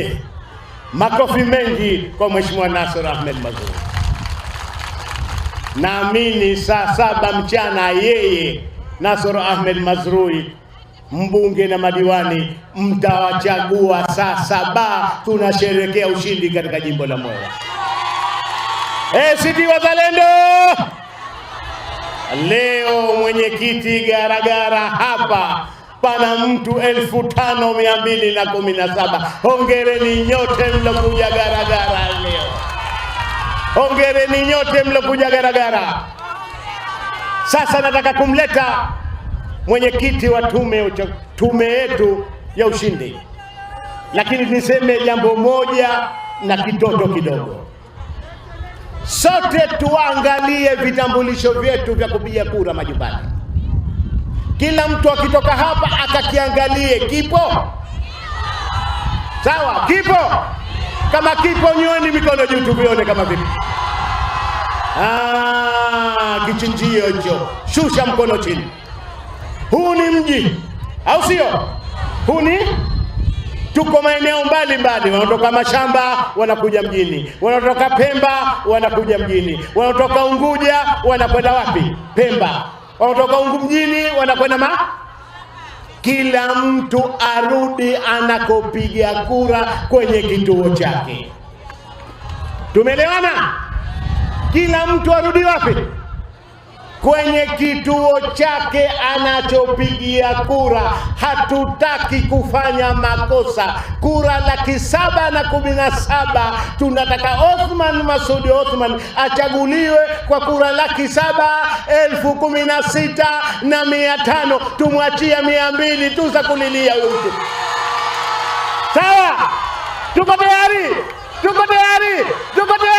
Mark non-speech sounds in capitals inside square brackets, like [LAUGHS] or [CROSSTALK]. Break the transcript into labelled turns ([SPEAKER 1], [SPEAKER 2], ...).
[SPEAKER 1] [LAUGHS] Makofi mengi kwa Mheshimiwa nasr Ahmed Mazrui. Naamini saa saba mchana yeye nasr Ahmed Mazrui mbunge na madiwani mtawachagua saa saba, tunasherekea ushindi katika jimbo la mwera ACT Wazalendo, leo mwenyekiti Garagara hapa pana mtu elfu tano mia mbili na kumi na saba. Hongereni nyote mlokuja garagara leo, hongereni nyote mlokuja garagara. Sasa nataka kumleta mwenyekiti wa tume tume yetu ya ushindi, lakini niseme jambo moja na kitoto kidogo. Sote tuangalie vitambulisho vyetu vya kupiga kura majumbani. Kila mtu akitoka hapa akakiangalie, kipo sawa? Kipo kama kipo, nyoni mikono juu, tuvione kama vipi. Ah, kichinjio hicho, shusha mkono chini. Huu ni mji, au sio? Huu ni tuko maeneo mbalimbali, wanaotoka mashamba wanakuja mjini, wanatoka Pemba wanakuja mjini, wanatoka Unguja wanakwenda wapi? Pemba wanatoka ungu mjini wanakwenda ma kila mtu arudi anakopiga kura kwenye kituo chake. Tumeelewana? Kila mtu arudi wapi? kwenye kituo chake anachopigia kura. Hatutaki kufanya makosa. Kura laki saba na kumi na saba tunataka Othman Masudi Othman achaguliwe kwa kura laki saba elfu kumi na sita na mia tano tumwachia mia mbili tu za kulilia huyo mtu. Sawa, tuko tayari, tuko tayari, tuko tayari.